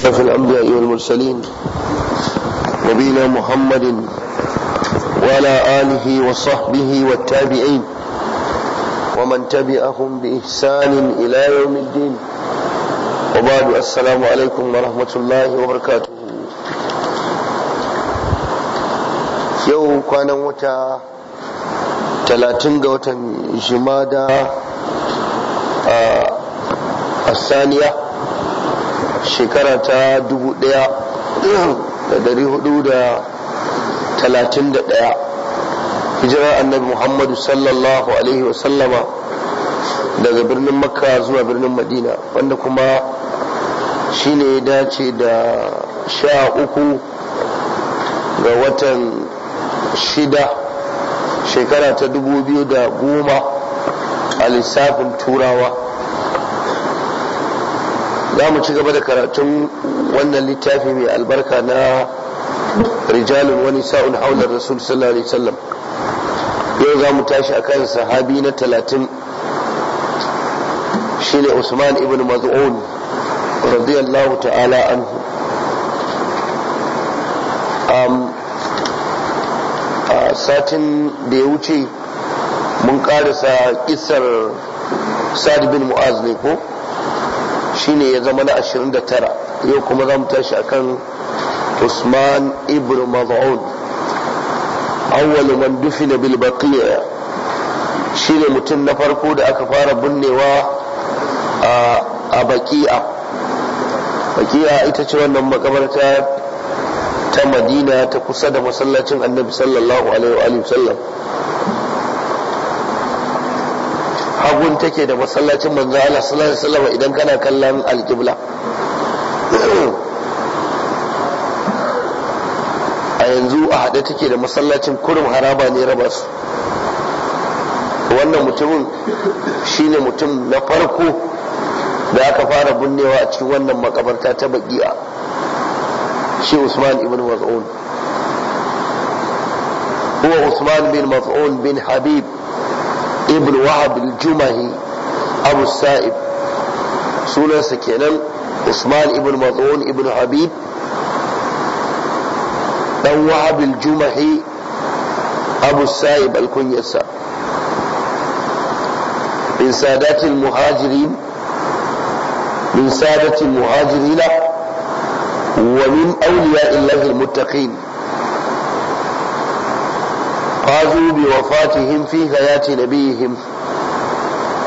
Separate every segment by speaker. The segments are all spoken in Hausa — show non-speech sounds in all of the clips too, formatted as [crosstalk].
Speaker 1: أشرف الأنبياء والمرسلين نبينا محمد وعلى آله وصحبه والتابعين ومن تبعهم بإحسان إلى يوم الدين وبعد السلام عليكم ورحمة الله وبركاته يوم كان متى 30 ga watan jimada a الثانيه shekara ta 1431 hijirar annabi muhammadu sallallahu alaihi wasallama daga birnin makka zuwa birnin madina wanda kuma shi ne dace da sha uku ga watan shida shekara ta dubu biyu da goma a lissafin turawa za mu ci gaba da karatun wannan littafi mai albarka na rijalin wani sa'un haular rasul sallallahu alaihi wasallam yau za mu tashi a akan sahabi na talatin shine usman ibn maz'un radiyallahu ta'ala anhu a satin da ya wuce mun ƙarasa kisar sa'ad bin mu'az ne ko shine ya zama na 29 yau kuma za mu tashi akan usman ibn maz'un awwal man dufina bil baqiya shine mutum na farko da aka fara binnewa a baqiya baqiya ita ce wannan makabarta ta madina ta kusa da masallacin annabi sallallahu alaihi wa sallam hagun take da masallacin manzo Allah sallallahu alaihi wasallam idan kana kallon alqibla a yanzu a haɗe take da masallacin kurum haraba ne raba su wannan mutumin shine mutum na farko da aka fara binnewa a cikin wannan makabarta ta baki'a shi usman ibn Maz'un huwa usman bin Maz'un bin habib ابن وهب الجمهي ابو السائب سولا سكينم عثمان ابن مضعون ابن حبيب ابو وهب الجمهي ابو السائب الكنيسة من سادات المهاجرين من سادة المهاجرين ومن أولياء الله المتقين fazu bi wafatihim fi hayati nabiyihim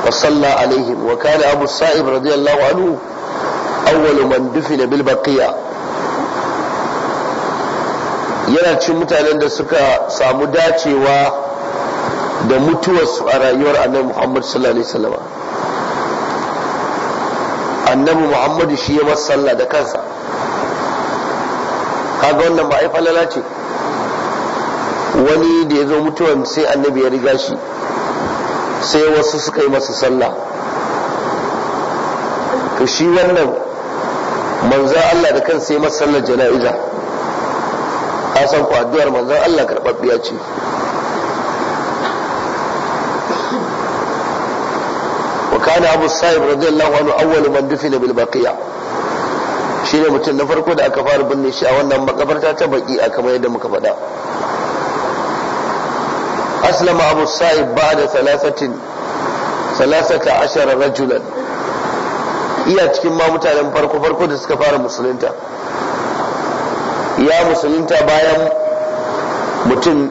Speaker 1: wa salla alaihim wa kana abu sa'ib radiyallahu anhu awwal man dufina bil baqiya yana cin mutanen da suka samu dacewa da mutuwarsu a rayuwar annabi Muhammad sallallahu alaihi wasallam annabi Muhammad shi ya masa sallah da kansa kaga wannan ba ai falala ce wani da ya zo mutuwan sai annabi ya riga shi sai wasu suka yi masa sallah to shi wannan manzan Allah da kan sai masa sallar jana'iza a san ku addu'ar manzan Allah karɓaɓɓiya ce wa kana abu sa'ib radiyallahu anhu awwal man dufina bil baqiya shine mutum na farko da aka fara binne shi a wannan makabarta ta baki a kamar yadda muka faɗa أسلم أبو الصائب بعد ثلاثة ثلاثة عشر رجلا iya cikin ma mutanen farko farko da suka fara musulunta ya musulunta bayan mutum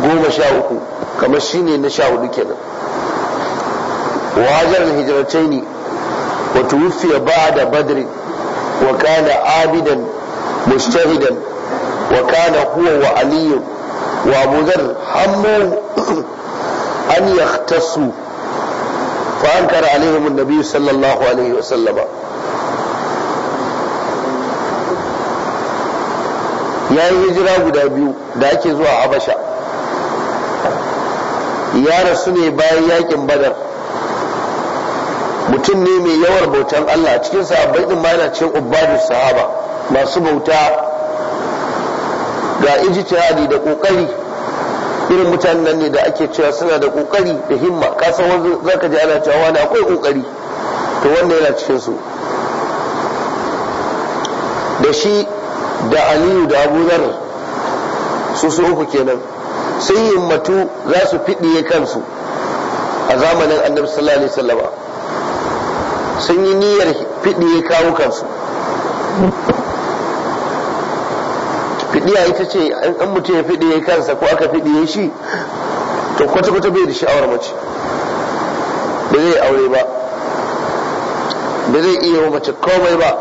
Speaker 1: goma sha uku kamar shine na sha hudu kenan wajar hijiratai ne wata wufiya ba da badri wa kana abidan mustahidan wa kana huwa wa Aliyu. wa abu zar hammu an yahtasu fa ankara alaihim annabi sallallahu alaihi wa sallama ya yi hijira guda biyu da ake zuwa habasha ya rasu ne bayan yakin badar mutum ne mai yawar bautan Allah cikin sahabbai din ma yana cikin ubbadu sahaba masu bauta ga ijtihadi da kokari irin mutanen nan ne da ake cewa suna da kokari da himma ka san za zaka ji ana cewa wani akwai kokari to wanda yana cikin su da shi da aliyu da abu zar su su uku kenan sun matu za su fiɗiye kansu a zamanin annabi sallallahu alaihi wasallam sun yi niyyar fiɗiye kawo kansu fidiya ita ce an mutum ya ya kansa ko aka ya shi to kwata-kwata bai da sha'awar mace ba zai aure ba ba zai iya wa mace komai ba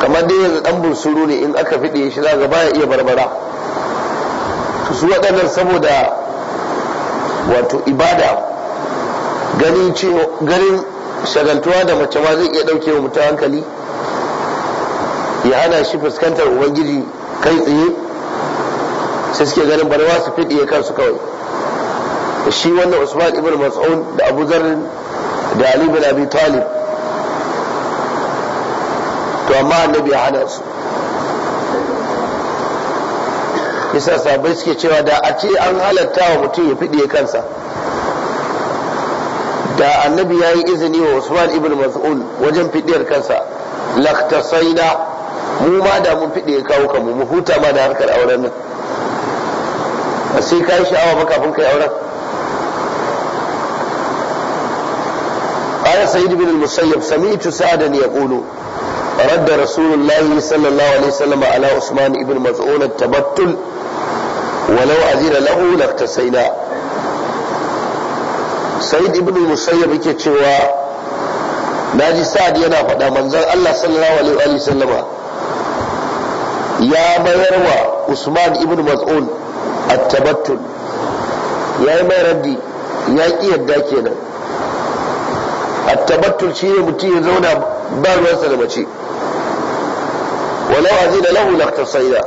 Speaker 1: kamar dai yanzu dan bursuru ne in aka ya shi za ga baya iya barbara to su waɗannan saboda wato ibada ganin ganin shagaltuwa da mace ma zai iya ɗauke wa mutum hankali ya hana shi fuskantar ubangiji kai tsaye sai suke ganin wasu fiɗi fiɗiye kansu kawai shi wannan usman ibn mas'ud da abu zarrin da ali bin abi talib to amma annabi ya hana su yasa sabai suke cewa da a ce an halatta wa mutum ya fiɗiye kansa da annabi ya yi izini wa usman ibn mas'ud wajen fiɗiyar kansa laktasaina mu ma da mun fiɗe kawo ka mu huta ma da harkar auren nan a sai ka yi sha'awa ba kafin kai auren قال سيد بن المسيب سمعت سعدا يقول رد رسول الله صلى الله عليه Ala Usman عثمان بن مزعون التبتل ولو أذن له لاقتسينا سيد بن المسيب yake cewa naji sa'ad yana faɗa manzon Allah sallallahu alaihi wa ya bayar wa usman ibn mas'ud a tabattun ya yi mai raddi ya ƙi yadda kenan A tabattun shine mutum ya zauna ba ruwansa da mace walau azina lahu laqtasaida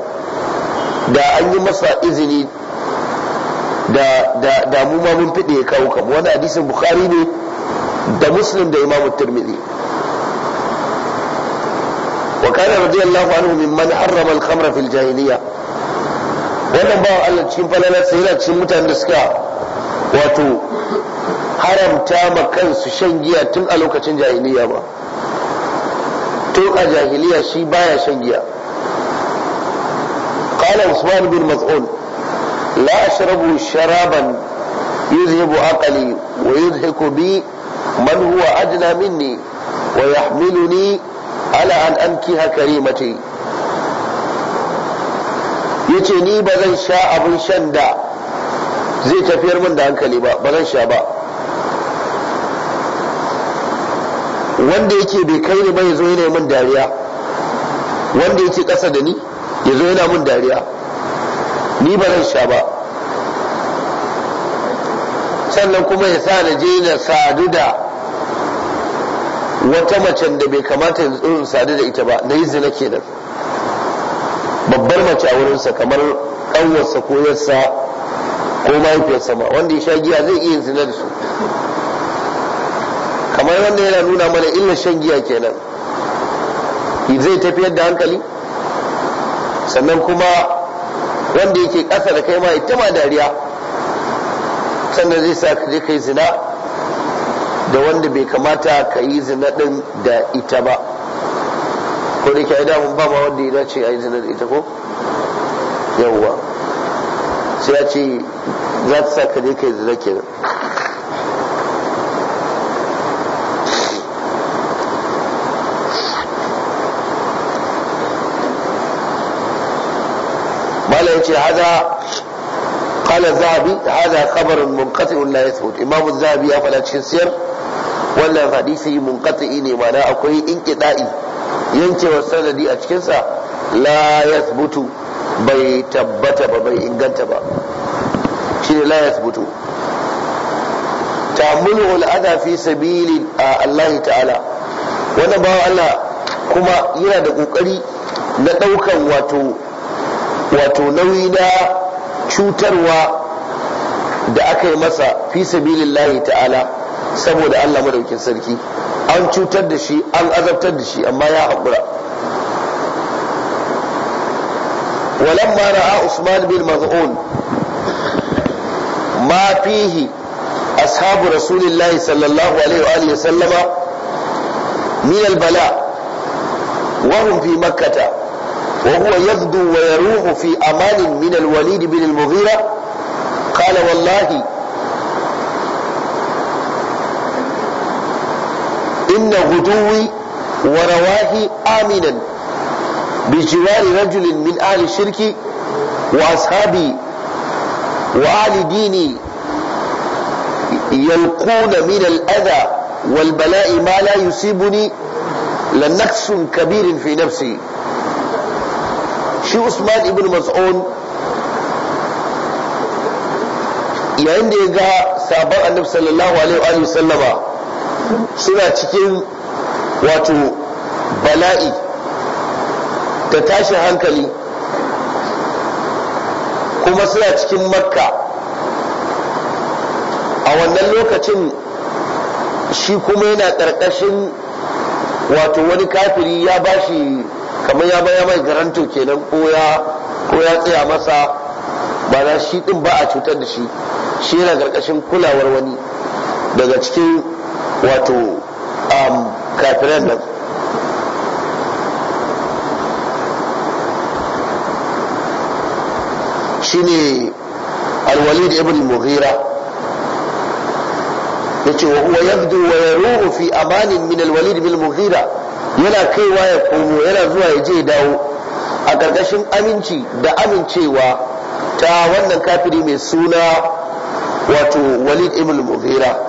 Speaker 1: da an yi masa izini da da da mu ma mun fide kawo kam wani hadisin bukhari ne da muslim da imamu tirmidhi وكان رضي الله عنه ممن حرم الخمر في الجاهلية wannan ba Allah cikin falalar sai yana cikin mutanen da suka wato haramta ma kansu shan giya tun a lokacin jahiliya ba tun a jahiliya shi baya shan giya qala usman bin mas'ud la ashrabu sharaban yuzhibu aqli wa yudhiku bi man huwa ajla minni wa yahmiluni ala an amkiha karimati yace ni ba zan sha abin shan da zai tafiyar min da hankali ba ba zan sha ba wanda yake bai kai ni ba ya zo yana min dariya wanda yake ƙasa da ni ya zo yana min dariya ni ba zan sha ba sannan kuma ya sa na je na sadu da wata macen da bai kamata tsoron sadu da ita ba na yi zina kenan babbar mace a wurinsa kamar ƙanwarsa ko yarsa ko mahaifiyarsa ba wanda ya sha giya zai iya zina da su kamar wanda yana nuna mana illa shan giya kenan zai tafiyar da hankali sannan kuma wanda yake ƙasa da kai ma ita ma dariya sannan zai sa ka je kai zina da wanda bai kamata ka yi zina da ita ba ko da ke damun ba ma wanda ya dace a yi zina da ita ko yawwa sai ya ce za ta sa ka je ka yi zina kenan قال يجي هذا قال الذهبي هذا خبر منقطع لا يثبت إمام الذهبي أفلا تشير wannan hadisi munqati ne mana akwai inqida'i yankewar sanadi a cikinsa la yathbutu bai tabbata ba bai inganta ba shi ne la yathbutu ta'amulu al'ada fi sabili Allah ta'ala wannan ba Allah kuma yana da ƙoƙari na daukan wato wato nauyi na cutarwa da aka yi masa fi sabilillahi ta'ala saboda Allah madaukin sarki an cutar da shi an azabtar da shi amma ya haƙura walamma ra'a Usman bin Maz'un mafihi, ashabu rasulillahi sallallahu alaihi wa alihi sallama min al-bala وهم في مكة وهو يغدو ويروح في أمان من الوليد بن المغيرة قال والله ضمن غدوي ورواهي آمنا بجوار رجل من أهل الشرك وأصحابي وأهل ديني يلقون من الأذى والبلاء ما لا يصيبني لنقص كبير في نفسي shi usman ibn mas'un yayin da ya ga sabon annabi sallallahu alaihi wa sallama suna cikin wato bala'i da tashin hankali kuma suna cikin makka a wannan lokacin shi kuma yana ƙarƙashin wato wani kafiri ya bashi kamar ya baya mai garanto kenan ko ya ko ya tsaya masa ba na shi din ba a cutar da shi shi yana ƙarƙashin kulawar wani daga cikin wato um, kafiran shine alwalid ibn mughira ce wa huwa yabdu wa yaruhu fi amanin min alwalid ibn mughira yana kaiwa ya komo yana zuwa ya je dawo a ƙarƙashin aminci da amincewa ta wannan kafiri mai suna wato walid ibn mughira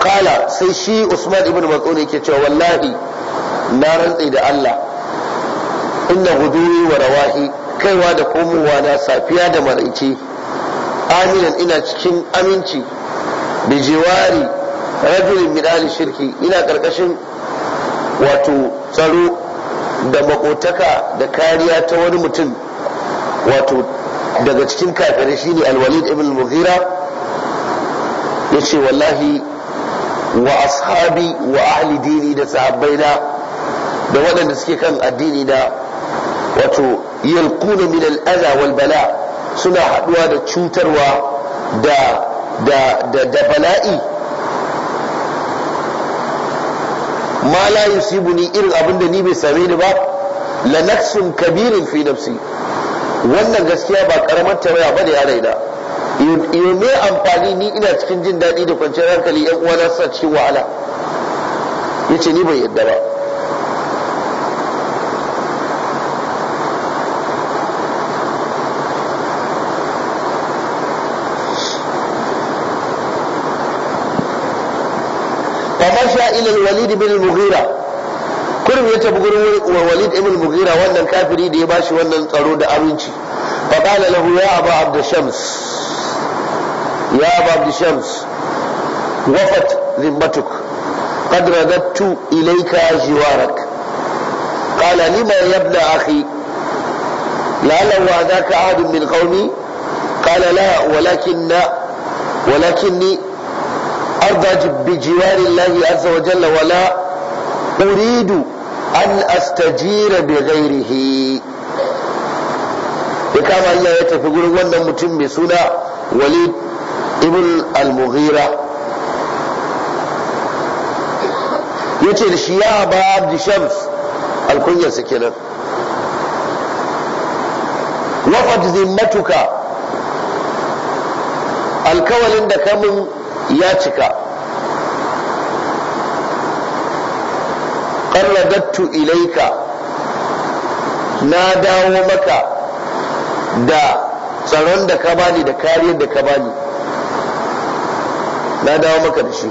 Speaker 1: qala sai shi usman ibn mas'ud yake cewa wallahi na rantsi da Allah inna guduri wa rawahi kaiwa da komowa na safiya da maraice aminan ina cikin aminci jiwari rajulin midali shirki ina karkashin wato tsaro da makotaka da kariya ta wani mutum wato daga cikin kafirai shine alwalid ibn mughira yace wallahi wa ashabi wa ahli dini da na, da waɗanda suke kan addini na wato yalquna min al-adha wal bala suna haɗuwa da cutarwa da da da, da bala'i ma la irin abin da ni bai same ni ba la kabirin fi nafsi wannan gaskiya ba karamar tarayya ba da ya daina. yau mai amfani ni ina cikin jin daɗi da kwanciyar hankali yan uwana suna cikin wahala ya ce ni bai yadda ba sha ilil الوليد bin المغيرة kurum ya tafi gurin walid ibn mughira wannan kafiri da ya ba shi wannan tsaro da abinci, fa qala lahu ya aba abd shams يا أبا عبد شمس وفت ذمتك قد رددت إليك جوارك قال لما يا ابن أخي لعله عذاك أحد من قومي قال لا ولكن ولكني أرضى بجوار الله عز وجل ولا أريد أن أستجير بغيره ya kama Allah ya tafi gurin wannan mutum mai suna Walid ibn al-mughira ya da shi ya ba da shams alkunyarsa kenan wafat zimmatuka alkawalin da kamun ya cika qarradattu ilaika na dawo maka da tsaron da ka bani da kariyar da ka bani na dawo maka da shi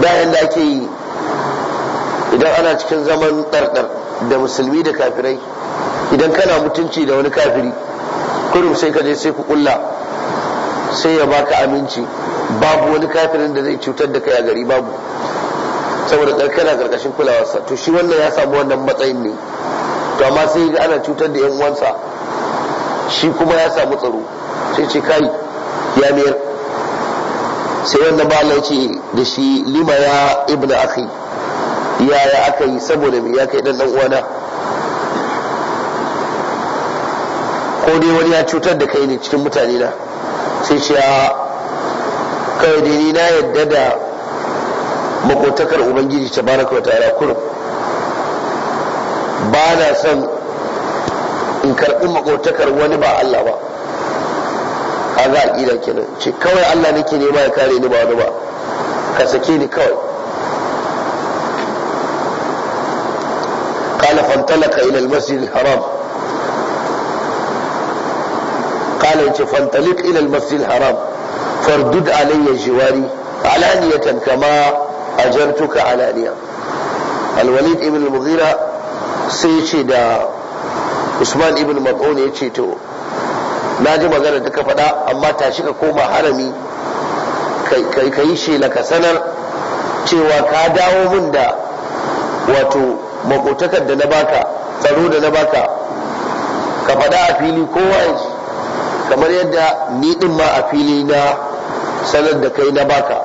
Speaker 1: da yadda ake yi idan ana cikin zaman ɗarɗar da musulmi da kafirai idan kana mutunci da wani kafiri kurum sai ka je sai ku kulla sai ya baka aminci babu wani kafirin da zai cutar da kai a gari babu saboda karkana karkashin kulawarsa to shi wannan ya samu wannan matsayin ne to amma sai ga ana cutar da yan uwansa shi kuma ya samu tsaro sai ce kai ya mayar sai wanda ba Allah ce da shi lima ya ibn akhi ya ya aka yi saboda me ya kai dan dan uwana ko dai wani ya cutar da kai ne cikin mutane na sai ce kai da ni na yadda da makotakar ubangiji baraka wa ta'ala kurum ba na son in karɓi makotakar wani ba Allah ba a za a ƙila kenan ce kawai Allah nake nema ya kare ni ba wani ba ka sake ni kawai قال فانطلق إلى المسجد الحرام قال إنت فانطلق إلى المسجد الحرام فاردد علي جواري علانية كما أجرتك علانية الوليد ابن المغيرة سيشي دا usman ibn mat'un ya ce to na ji magana duka faɗa amma tashi ka koma harami ka yi shela ka sanar cewa ka dawo min da wato makotakar da na baka tsaro da na baka ka faɗa a fili kowa ya ji kamar yadda ni ɗin ma a fili na sanar da kai na baka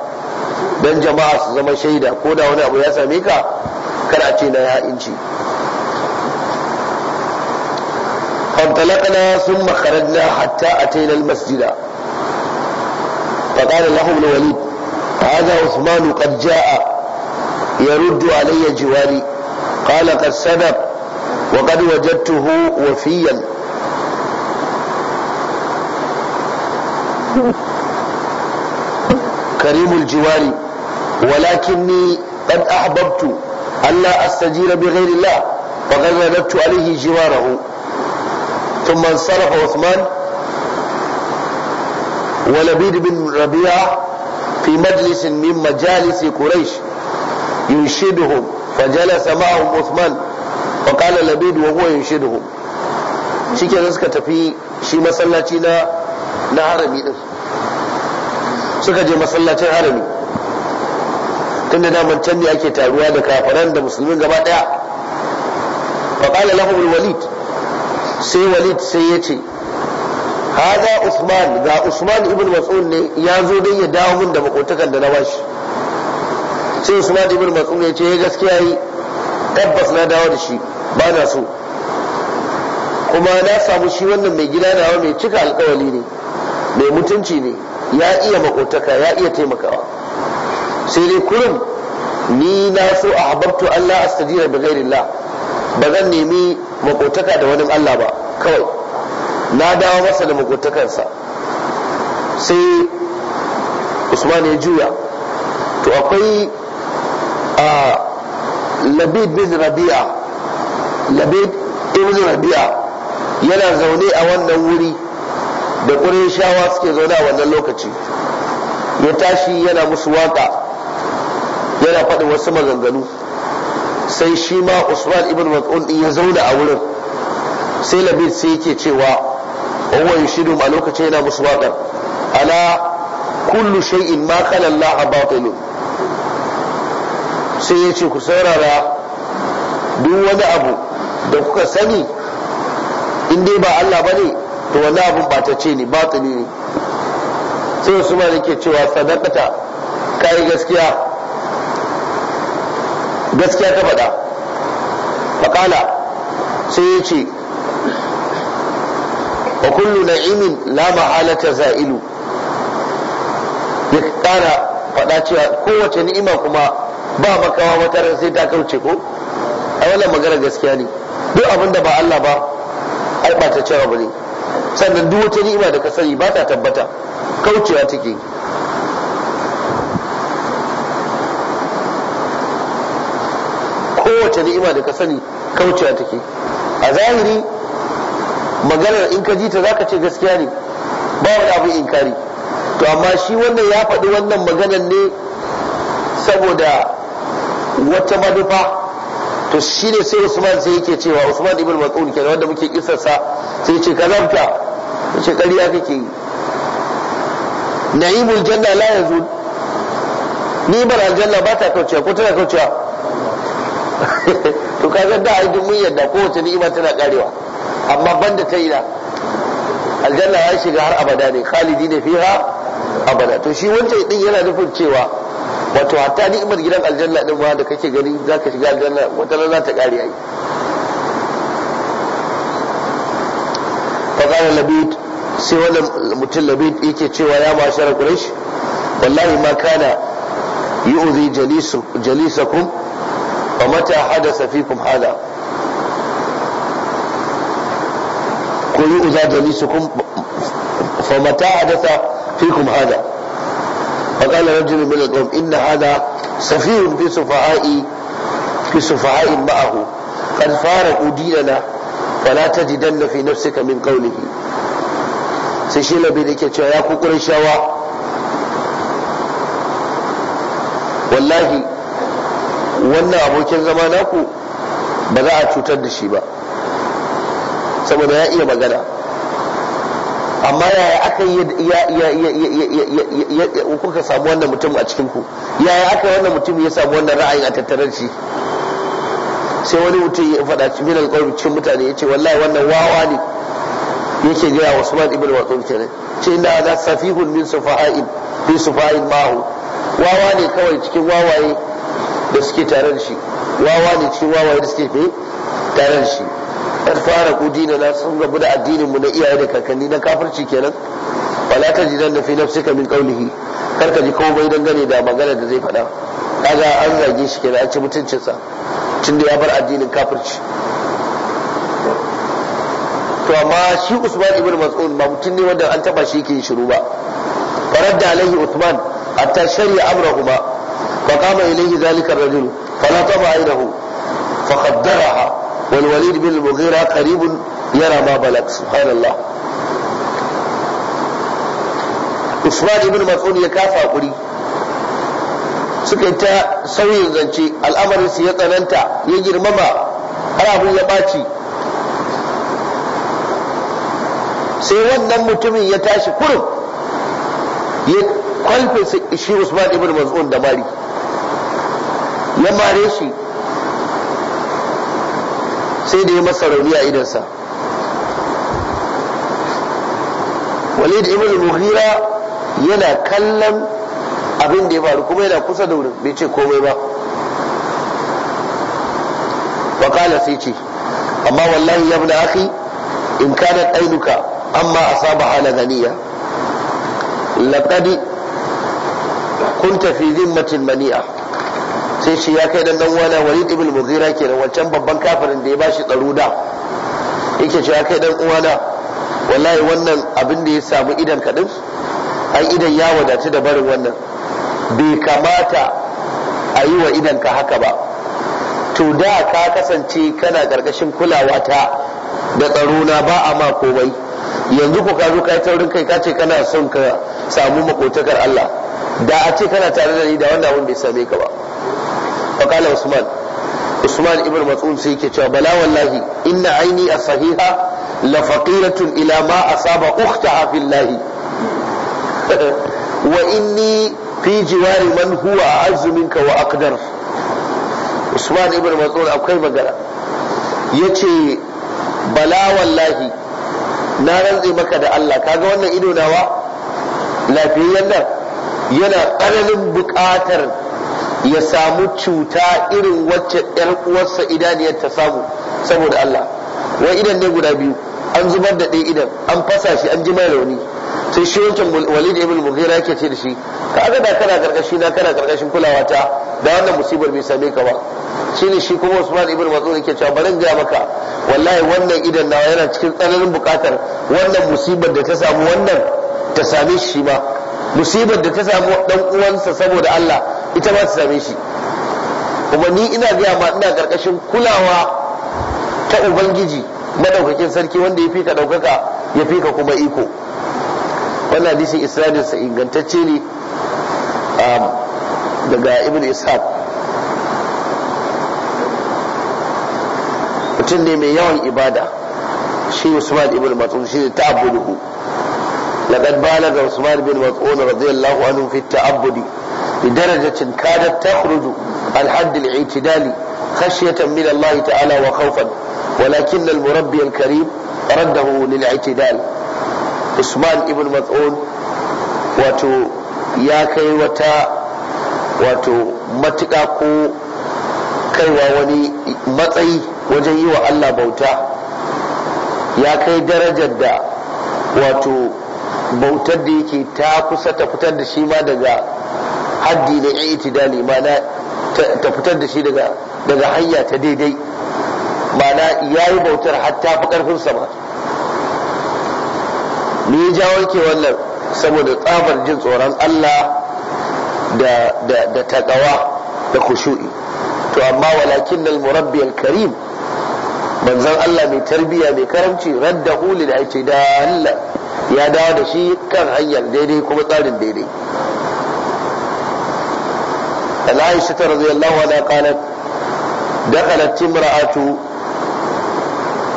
Speaker 1: don jama'a su zama shaida ko da wani abu ya same ka kar a ce na ya inci فانطلقنا ثم خرجنا حتى أتينا المسجد فقال له ابن وليد هذا عثمان قد جاء يرد علي جواري قال قد سبق وقد وجدته وفيا كريم الجوار ولكني قد أحببت ألا أستجير بغير الله فقد رددت عليه جواره ثم انصرف عثمان ولبيد بن ربيعة في مجلس من مجالس قريش ينشدهم فجلس معهم عثمان فقال لبيد وهو ينشدهم shike نسكة في شي مسلاتنا masallaci suka je masallacin harami tunda daman can ne ake taruwa da kafaran da musulmin gaba daya fa qala lahum al-walid sai walid sai ya ce haza usman ga usman ibn mas'ud ne ya zo don ya dawo mun da makotakan da na bashi sai usman ibn mas'ud ne ce ya eh, gaskiya yi tabbas na dawo da shi ba na so kuma na samu shi wannan mai gida nawa mai cika alkawali ne mai mutunci ne ya iya makotaka ya iya taimakawa sai dai kurum ni na so a habartu Allah astajira bi ghairillah ba zan nemi makotaka da wani Allah ba kawai na dawo masa da makotakansa sai usman ya juya to akwai a labid bin rabi'a labid ibn rabi'a yana zaune a wannan wuri da ƙurin shawa suke zaune a wannan lokaci ya tashi yana musu waka yana faɗin wasu maganganu sai shi ma usman ibn mas'ud ya zauna a wurin sai labid sai yake cewa huwa yushidu a lokacin yana musu waƙar ala kullu shay'in ma qala Allah batilu sai ya ce ku saurara duk wani abu da kuka sani in dai ba Allah bane to wani abun batacce ne batili ne sai usman yake cewa sadaqata kai gaskiya gaskiya ta faɗa faƙala sai ya ce wa kullu na'imin la mahalata za'ilu ya ƙara faɗa cewa kowace ni'ima kuma ba makawa wata sai ta kauce ko a wannan magana gaskiya ne duk abin da ba Allah ba ai ba ta cewa ba ne sannan duk wata ni'ima da ka sani ba ta tabbata kaucewa take kowace ni'ima da ka sani kaucewa take a zahiri maganar in ka ji ta zaka ce gaskiya ne ba wani abu inkari to amma shi wannan ya faɗi wannan maganar ne saboda wata manufa to shi ne sai usman sai yake cewa usman ibn mas'ud kenan wanda muke kisarsa sai ce kazabta ce ƙarya kake yi na'imul janna la ni bar aljanna ba ta kaucewa ko tana kaucewa to kaga da aikin mun yadda kowace ni'ima tana karewa amma ban da ta ina aljanna ya shiga har abada ne khalidi ne fiha abada to shi wancan din yana nufin cewa wato hatta ni'imar gidan aljanna din ma da kake gani zaka shiga aljanna wata za ta kare ai fa qala labid sai wannan mutum labid yake cewa ya mashara quraish wallahi ma kana yu'zi jalisakum fa mata hadasa fikum hada ko yi uza jalisukum fa mata hadasa fikum hada fa qala rajulun min al-qawm inna hada safirun fi sufahai fi sufahai ma'ahu qad faraqu dinana fala fi nafsika min sai shi labi da ke cewa ya kukurin shawa wallahi wannan abokin zama naku ba za a cutar da shi ba saboda ya iya magana amma yaya aka yi kuka samu wannan mutum a cikinku yaya aka wannan mutum ya samu wannan ra'ayin a tattarar shi sai wani mutum ya faɗa cikin alƙawar cikin mutane ya ce wallahi wannan wawa ne yake gaya wa suman ibn watsur kenan ce inda za safihun min sufa'in min sufa'in mahu wawa ne kawai cikin wawaye da suke tare da shi wawa ne ce wawaye da suke fi tare da shi kan fara kudi dina na sun rabu da addininmu na iyaye da kakanni na kafirci kenan wala ta ji dan fi ka min qawlihi kar ka ji komai dangane da magana da zai faɗa kaga an zage shi kenan an ci mutuncinsa da ya bar addinin kafirci to amma shi Usman ibn Mas'ud ba mutum ne wanda an taba shi yake shiru ba faradda alaihi Usman hatta shari'a amrahuma فقام إليه ذلك الرجل فنطب عينه فخدرها والوليد بن المغيرة قريب يرى ما بلغ سبحان الله Usman ibn Mas'ud ya kafa kuri suka ta sauyin zance al'amarin su ya tsananta ya girmama har abin ya ɓaci sai wannan mutumin ya tashi kurum ya kwalfe shi Usman ibn Mas'ud da mari ya mare shi sai da ya masa rauni a idansa walid ibn muhira yana kallon abin da ya faru kuma yana kusa da wurin bai ce komai ba wakala sai ce amma wallahi ya bada aki in kanat ainuka amma asaba hala ganiya laqad kunta fi zimmatin mani'a sai shi ya kai dan wani walid ibn mughira da wancan babban kafirin da ya bashi tsaro da yake shi ya kai dan uwana wallahi wannan abin da ya samu idan ka din idan ya wadatu da barin wannan bai kamata a yi wa idan ka haka ba to da ka kasance kana karkashin kulawa ta da tsaro na ba a ma komai yanzu ko ka zo ka yi taurin kai ka ce kana son ka samu makotakar Allah da a ce kana tare da ni da wannan abin bai same ka ba فقال عثمان عثمان ابن مسعود سيكي cewa bala wallahi inna aini as-sahiha la faqiratun ila ma asaba ukhtaha fillah [laughs] wa inni fi jiwari man huwa a'azzu wa aqdar Usman ibn Mas'ud akwai magana yace bala wallahi na rantse maka da Allah kaga wannan ido nawa lafiyayyen nan yana tsananin buƙatar ya samu cuta irin wacce yar uwarsa idaniyar ta samu saboda Allah wai idan ne guda biyu an zubar da ɗaya idan an fasa shi an ji mai rauni sai shi wancan walid ibn mughira yake ce da shi ka aga da kana karkashi na kana karkashin kulawa ta da wannan musibar bai same ka ba shine shi kuma usman ibn mas'ud yake cewa bari ga maka wallahi wannan idan nawa yana cikin tsananin bukatar wannan musibar da ta samu wannan ta same shi ba musibar da ta samu dan uwansa saboda Allah ita ma ta same shi kuma ni ina gaya ma ina karkashin kulawa ta ubangiji madaukakin sarki wanda ya fika ɗaukaka, daukaka ya fika kuma iko wannan hadisin isra'il sa ingantacce ne um, daga ibn ishaq mutum ne mai yawan ibada shi usman ibn matsun shi ta abu لقد بالغ عثمان بن مسعود رضي الله عنه في التعبد لدرجة كادت تخرج عن حد الاعتدال خشية من الله تعالى وخوفا ولكن المربي الكريم رده للاعتدال عثمان بن مسعود wato ya kai wata wato matuƙa ko kaiwa wani matsayi wajen yi wa Allah bauta ya kai darajar da wato bautar da yake ta kusa ta fitar da shi ma daga haddi na itidali ma'ana ta fitar da shi daga hanya ta daidai ma'ana ya yi bautar hatta fi karfin sama me ya jawo wannan saboda tsabar jin tsoron Allah da taƙawa da kushu'i to amma walakin al-murabbi alkarim karim manzon Allah mai tarbiya mai karamci raddahu da Allah. ya dawo da shi kan hanyar daidai kuma tsarin daidai al'aisha ta razu yallahu ala kanat dakala timra'atu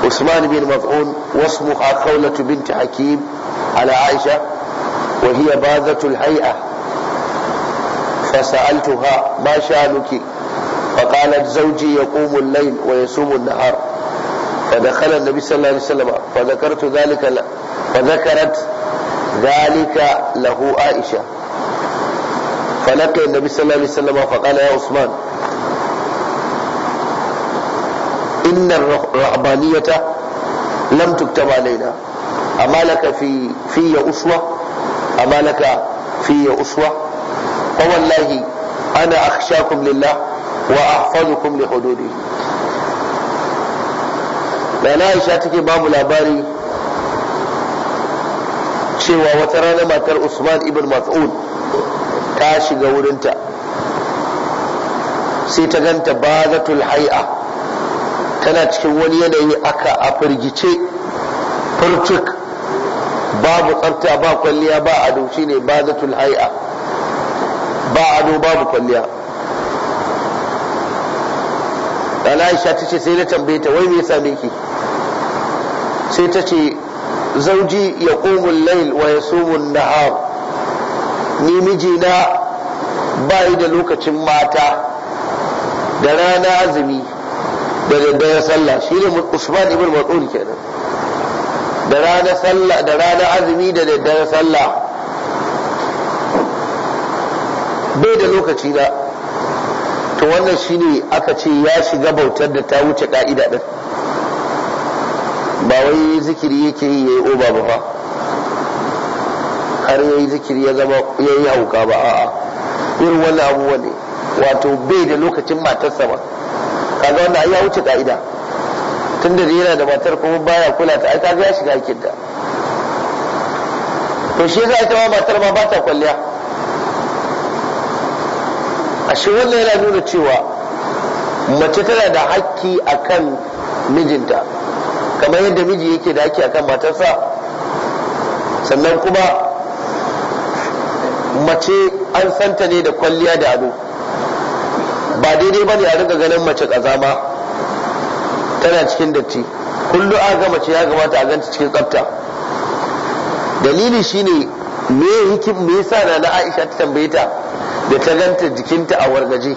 Speaker 1: usman bin maf'un wasu muka kaunatu binti hakim ala aisha wa hiya bazatu al-hay'a fa sa'altuha ma sha'aluki fa qalat zawji yaqumu al-layl wa yasumu an-nahar fa dakhala an-nabi sallallahu alaihi wasallam fa dhakartu dhalika فذكرت ذلك له عائشة فلقي النبي صلى الله عليه وسلم فقال يا عثمان إن الرهبانية لم تكتب علينا أما لك في في أسوة أما لك في أسوة فوالله أنا أخشاكم لله وأحفظكم لحدوده لأن عائشة تكي باب الأباري cewa wata rana matar usman ibn mas'ud ta shiga wurinta sai ta ganta bazatul hai'a tana cikin wani yanayi aka a firgice furcik babu tsarta ba kwalliya ba ado shine bazatul hai'a ba ado babu kwalliya Aisha ta ce sai na tambaye ta wai me yasa ki, sai ta ce zauji ya ƙumun lail wa ya sumun nahar ni mijina ba yi da lokacin mata da rana azumi da daddare sallah shi ne usman ibn mas'ud kenan da rana sallah da rana azumi da daddare sallah bai da lokaci na to wannan shine aka ce ya shiga bautar da ta wuce ka'ida din ba wai zikiri yake yi ya yi oba ba fa har yi zikiri ya zama ya yi hauka ba a'a irin wannan abubuwa ne wato bai da lokacin matarsa ba kaga wanda ya wuce ka'ida tunda yana da matar kuma baya kula ta ai kaga ya shiga aikin da to shi yasa ita ma matar ma ba ta kwalliya a shi wannan yana nuna cewa mace tana da hakki akan mijinta kamar yadda miji yake da ake akan matarsa sannan kuma mace an santa ne da kwalliya da ado ba daidai ba ne a riga ganin mace ba tana cikin datti kullum a ga mace ya gabata a ganta cikin tsafta dalili shine me hikim me yasa na na Aisha ta tambaye ta da ta ganta jikinta a wargaje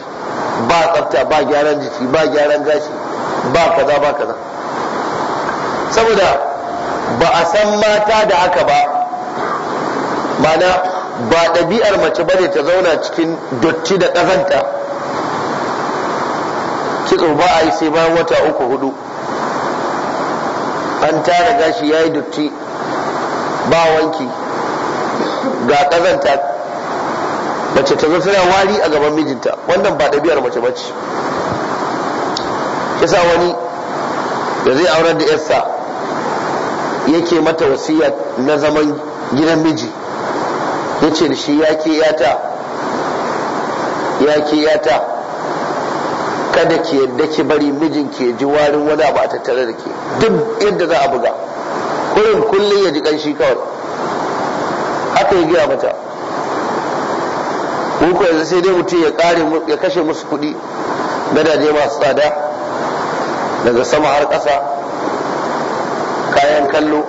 Speaker 1: ba tsabta ba gyaran jiki ba gyaran gashi ba kaza ba kaza saboda ba a san mata da haka ba mana ba ɗabi'ar mace ba ne ta zauna cikin dotti da ƙazanta kitso ba a yi sai bayan wata uku hudu an tara gashi ya yi dotti ba wanki ga ƙazanta mace ta zo tana wari a gaban mijinta wannan ba ɗabi'ar mace ba ce kisa wani da zai aurar da yarsa yake mata wasiya na zaman gidan miji yace ce da shi ya yata ya yata kada ki yadda ki bari mijin ke ji warin wani abu a tattare da ke duk yadda za a buga kurin kullum ya ji kanshi kawai haka ya gina mata ko yanzu sai dai mutum ya kare ya kashe musu kuɗi gadaje masu tsada daga sama har ƙasa kayan kallo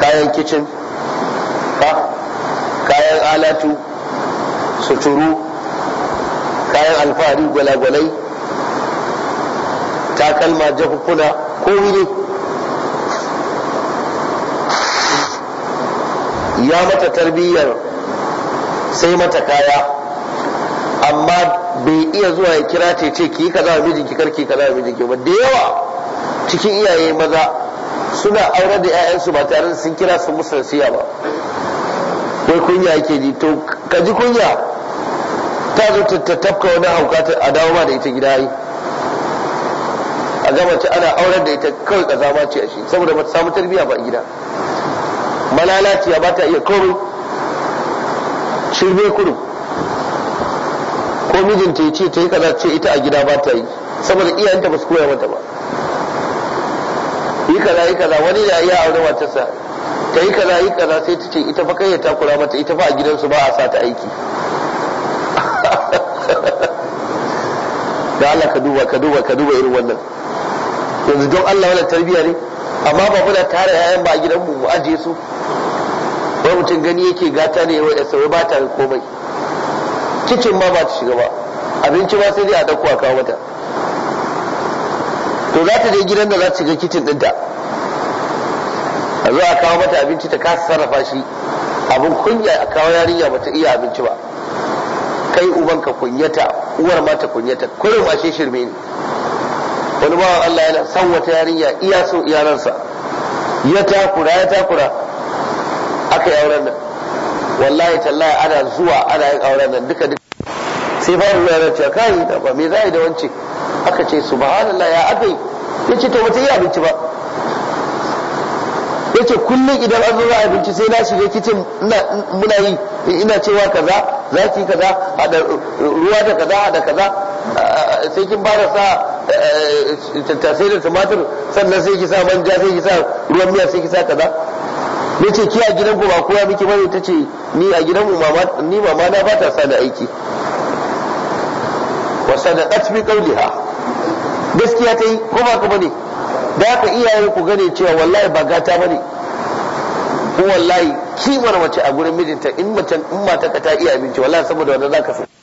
Speaker 1: kayan kicin ba kayan alatu suturu kayan alfahari gwalagwalai takalma jafukuna ko wuri ya mata tarbiyyar sai mata kaya amma bai iya zuwa ya kira ce ki ki kaza mijinki karki kaza mijinki ba da yawa cikin iyaye maza suna aure da 'ya'yansu ba tare da sun kira su musu nasiha ba wai kunya yake ji to ka ji kunya ta zo ta tafka wani hauka a dawo ma da ita gida yi a gama ta ana auren da ita kawai zama ce a shi saboda ba ta samu tarbiyya ba a gida malalaciya ba ta iya komai shirme kudu ko mijinta ya ce ta yi kaza ce ita a gida ba ta yi saboda iyayenta ba su koya mata ba yi kaza yi kaza wani ya iya aure matarsa ta yi kaza yi kaza sai ta ce ita fa kai ya takura mata ita fa a gidansu ba a sa ta aiki [laughs] da Allah ka duba ka duba ka duba irin wannan yanzu don Allah wannan tarbiyya ne amma ba muna tare yayan ba a gidanmu mu aje su ba mutum gani yake gata ne wai sai ba ta komai kicin ma ba ta shiga ba abinci ma sai dai a dauko a kawo mata to za ta je gidan da za ta shiga kicin ɗinta a zo a kawo mata abinci ta kasa sarrafa shi abin kunya a kawo yarinya ta iya abinci ba kai uban ka kunyata uwar ma ta kunyata kurin shi shirme ne wani bawan Allah yana san wata yarinya iya so iyaransa ya takura ya takura aka yi auren nan wallahi tallahi ana zuwa ana yin auren nan duka duka sai fara yaran cewa kai ba me za yi da wancan? aka ce subhanallah ya Ya yace to bata yi abinci ba yace kullum idan an zo za abinci sai na shiga kicin muna yi ina cewa kaza za ki kaza hada ruwa da kaza hada kaza sai kin da sa eh, tattasai da tumatir sannan sai ki sa manja sai ki sa ruwan miya sai ki sa kaza ya ce ki a gidan ku ba kowa miki bane ta ce ni a gidan mu ni mama na ba ta sa da aiki wa sadaqat bi qawliha gaskiya ta yi ko ba ka bane da haka iyaye ku gane cewa wallahi ba gata bane ko wallahi kimar mace a gurin mijinta in mace in mata ka ta iya abinci wallahi saboda wanda zaka sai